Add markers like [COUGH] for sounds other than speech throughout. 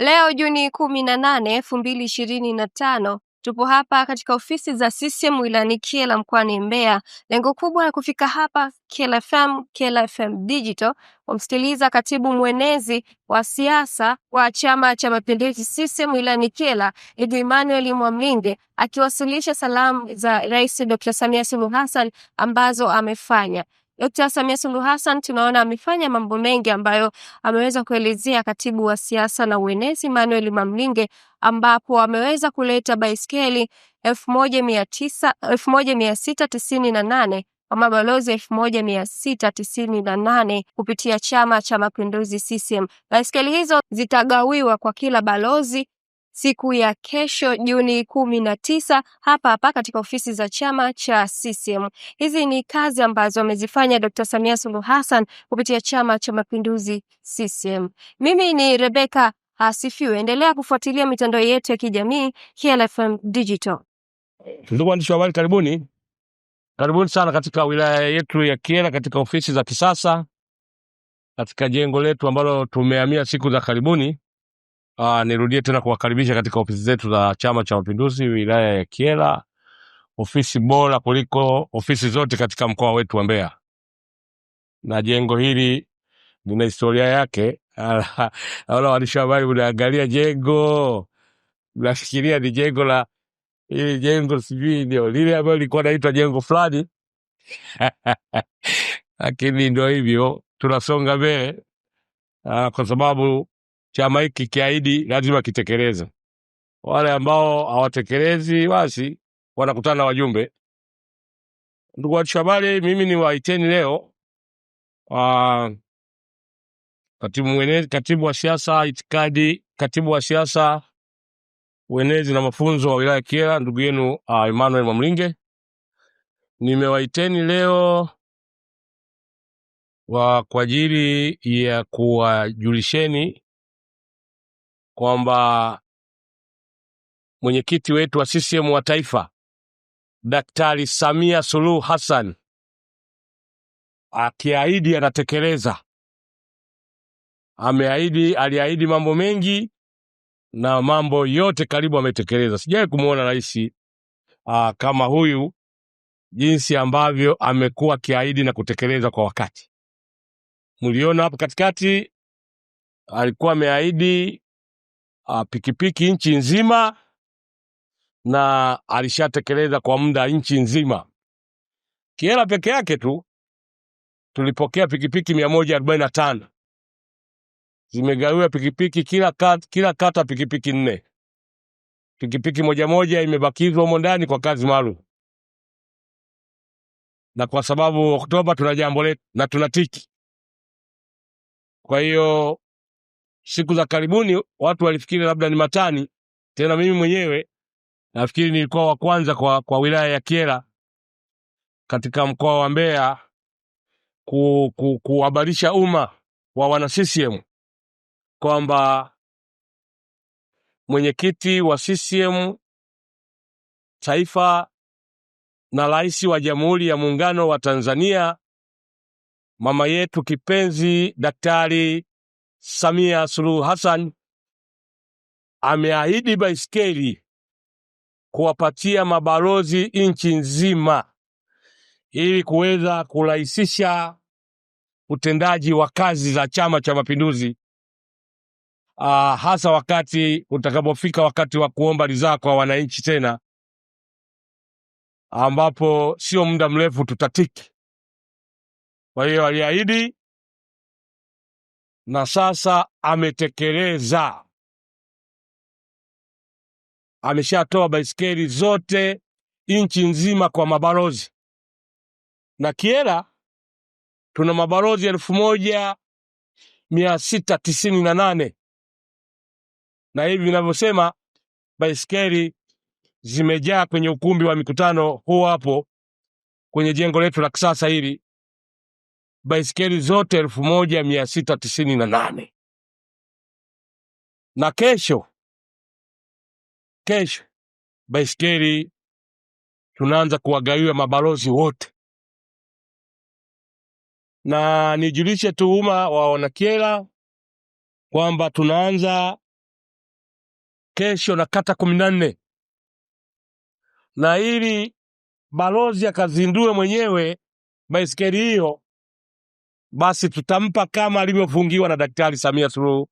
Leo Juni kumi na nane elfu mbili ishirini na tano tupo hapa katika ofisi za CCM wilayani Kyela mkoani Mbeya. Lengo kubwa la kufika hapa Kyela FM, Kyela FM Digital kumsikiliza katibu mwenezi wa siasa wa Chama cha Mapinduzi CCM wilayani Kyela, Ndugu Emmanuel Mwamlinge akiwasilisha salamu za Rais Dr. Samia Suluhu Hassan ambazo amefanya Dkt. Samia Suluhu Hassan tunaona amefanya mambo mengi ambayo ameweza kuelezea katibu wa siasa na uenezi Manuel Mamlinge, ambapo ameweza kuleta baiskeli elfu moja mia tisa elfu moja mia sita tisini na nane kwa mabalozi elfu moja mia sita tisini na nane kupitia Chama cha Mapinduzi CCM. Baiskeli hizo zitagawiwa kwa kila balozi siku ya kesho Juni kumi na tisa hapa hapa katika ofisi za chama cha CCM. Hizi ni kazi ambazo amezifanya Dr. Samia Suluhu Hassan kupitia Chama cha Mapinduzi CCM. Mimi ni Rebeka Asifiwe. Endelea kufuatilia mitandao yetu ya kijamii KLFM Digital. Ndugu waandishi wa habari, karibuni karibuni sana katika wilaya yetu ya Kyela katika ofisi za kisasa katika jengo letu ambalo tumehamia siku za karibuni Uh, nirudie tena kuwakaribisha katika ofisi zetu za Chama cha Mapinduzi wilaya ya Kyela, ofisi bora kuliko ofisi zote katika mkoa wetu wa Mbeya, na jengo hili lina historia yake. [LAUGHS] Naona waandishi habari unaangalia jengo, nafikiria ni jengo la ili jengo, sijui ndio lile ambalo lilikuwa naitwa jengo fulani [LAUGHS] lakini ndio hivyo, tunasonga mbele uh, kwa sababu chama hiki kiahidi lazima kitekeleze. Wale ambao hawatekelezi basi wanakutana na wajumbe. Ndugu waandishi habari, mimi ni waiteni leo uh, katibu, mwenezi, katibu wa siasa itikadi, katibu wa siasa uenezi na mafunzo wa wilaya Kyela, ndugu yenu uh, Emmanuel Mwamlinge. Nimewaiteni leo wa kwa ajili ya kuwajulisheni kwamba mwenyekiti wetu wa CCM wa taifa Daktari Samia Suluhu Hassan akiahidi anatekeleza. Ameahidi, aliahidi mambo mengi na mambo yote karibu ametekeleza. Sijawahi kumwona rais ah, kama huyu, jinsi ambavyo amekuwa akiahidi na kutekeleza kwa wakati. Mliona hapo katikati alikuwa ameahidi uh, pikipiki nchi nzima na alishatekeleza kwa muda nchi nzima. Kiela peke yake tu tulipokea pikipiki mia moja arobaini na tano zimegawiwa pikipiki kila kata, kila kata pikipiki nne. Pikipiki moja moja imebakizwa humo ndani kwa kazi maalum, na kwa sababu Oktoba tuna jambo letu na tuna tiki. Kwa hiyo siku za karibuni watu walifikiri labda ni matani. Tena mimi mwenyewe nafikiri nilikuwa wa kwanza kwa, kwa wilaya ya Kyela katika mkoa wa Mbeya ku, ku, kuhabarisha umma wa wana CCM kwamba mwenyekiti wa CCM taifa na rais wa Jamhuri ya Muungano wa Tanzania mama yetu kipenzi Daktari Samia Suluhu Hassan ameahidi baiskeli kuwapatia mabalozi nchi nzima ili kuweza kurahisisha utendaji wa kazi za Chama cha Mapinduzi, ah, hasa wakati utakapofika wakati wa kuomba ridhaa kwa wananchi tena, ambapo sio muda mrefu tutatiki. Kwa hiyo aliahidi na sasa ametekeleza, ameshatoa baisikeli zote nchi nzima kwa mabalozi, na kiela tuna mabalozi elfu moja mia sita tisini na nane na hivi ninavyosema baisikeli zimejaa kwenye ukumbi wa mikutano huu hapo kwenye jengo letu la kisasa hili baiskeli zote elfu moja mia sita tisini na nane na kesho kesho baiskeli tunaanza kuwagawia mabalozi wote, na nijulishe tu umma wa wanakiela kwamba tunaanza kesho na kata kumi na nne na ili balozi akazindue mwenyewe baiskeli hiyo basi tutampa kama alivyofungiwa na Daktari Samia Suluhu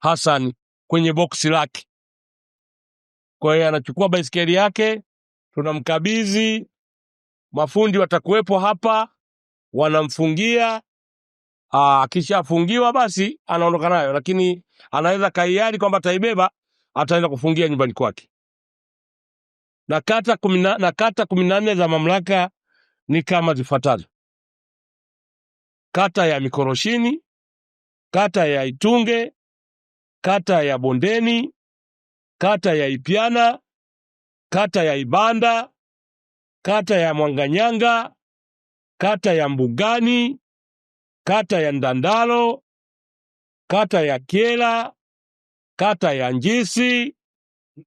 Hassan kwenye boksi lake. Kwa hiyo anachukua baisikeli yake, tunamkabidhi, mafundi watakuwepo hapa, wanamfungia. Ah, akishafungiwa basi anaondoka nayo, lakini anaweza kaiari kwamba ataibeba, ataenda kufungia nyumbani kwake. Na kata kumi na nne za mamlaka ni kama zifuatazo: kata ya Mikoroshini, kata ya Itunge, kata ya Bondeni, kata ya Ipyana, kata ya Ibanda, kata ya Mwanganyanga, kata ya Mbugani, kata ya Ndandalo, kata ya Kiela, kata ya Njisi,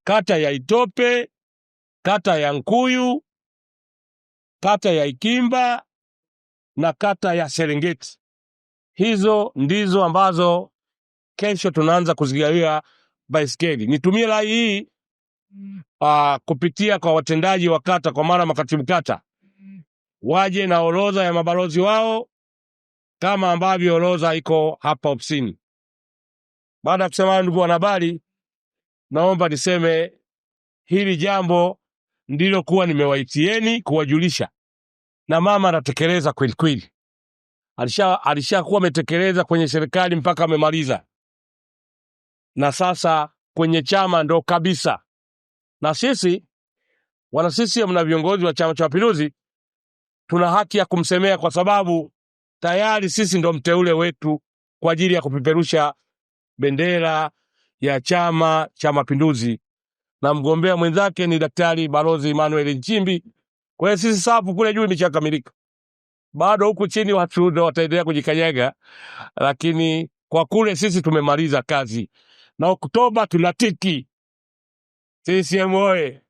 kata ya Itope, kata ya Nkuyu, kata ya Ikimba, na kata ya Serengeti. Hizo ndizo ambazo kesho tunaanza kuzigawia baiskeli. Nitumie rai hii uh, kupitia kwa watendaji wa kata, kwa maana makatibu kata mm. waje na orodha ya mabalozi wao kama ambavyo orodha iko hapa ofisini. Baada ya kusema hayo, ndugu wanahabari, naomba niseme hili jambo ndilo kuwa nimewaitieni kuwajulisha na mama anatekeleza kweli kweli, alisha alishakuwa ametekeleza kwenye serikali mpaka amemaliza, na sasa kwenye chama ndo kabisa. Na sisi wana CCM na viongozi wa Chama cha Mapinduzi tuna haki ya kumsemea kwa sababu tayari sisi ndo mteule wetu kwa ajili ya kupeperusha bendera ya Chama cha Mapinduzi, na mgombea mwenzake ni Daktari Balozi Emmanuel Nchimbi kwa hiyo sisi safu kule juu imeshakamilika, bado huku chini watu wataendelea kujikanyaga, lakini kwa kule sisi tumemaliza kazi, na Oktoba tunatiki. CCM oye!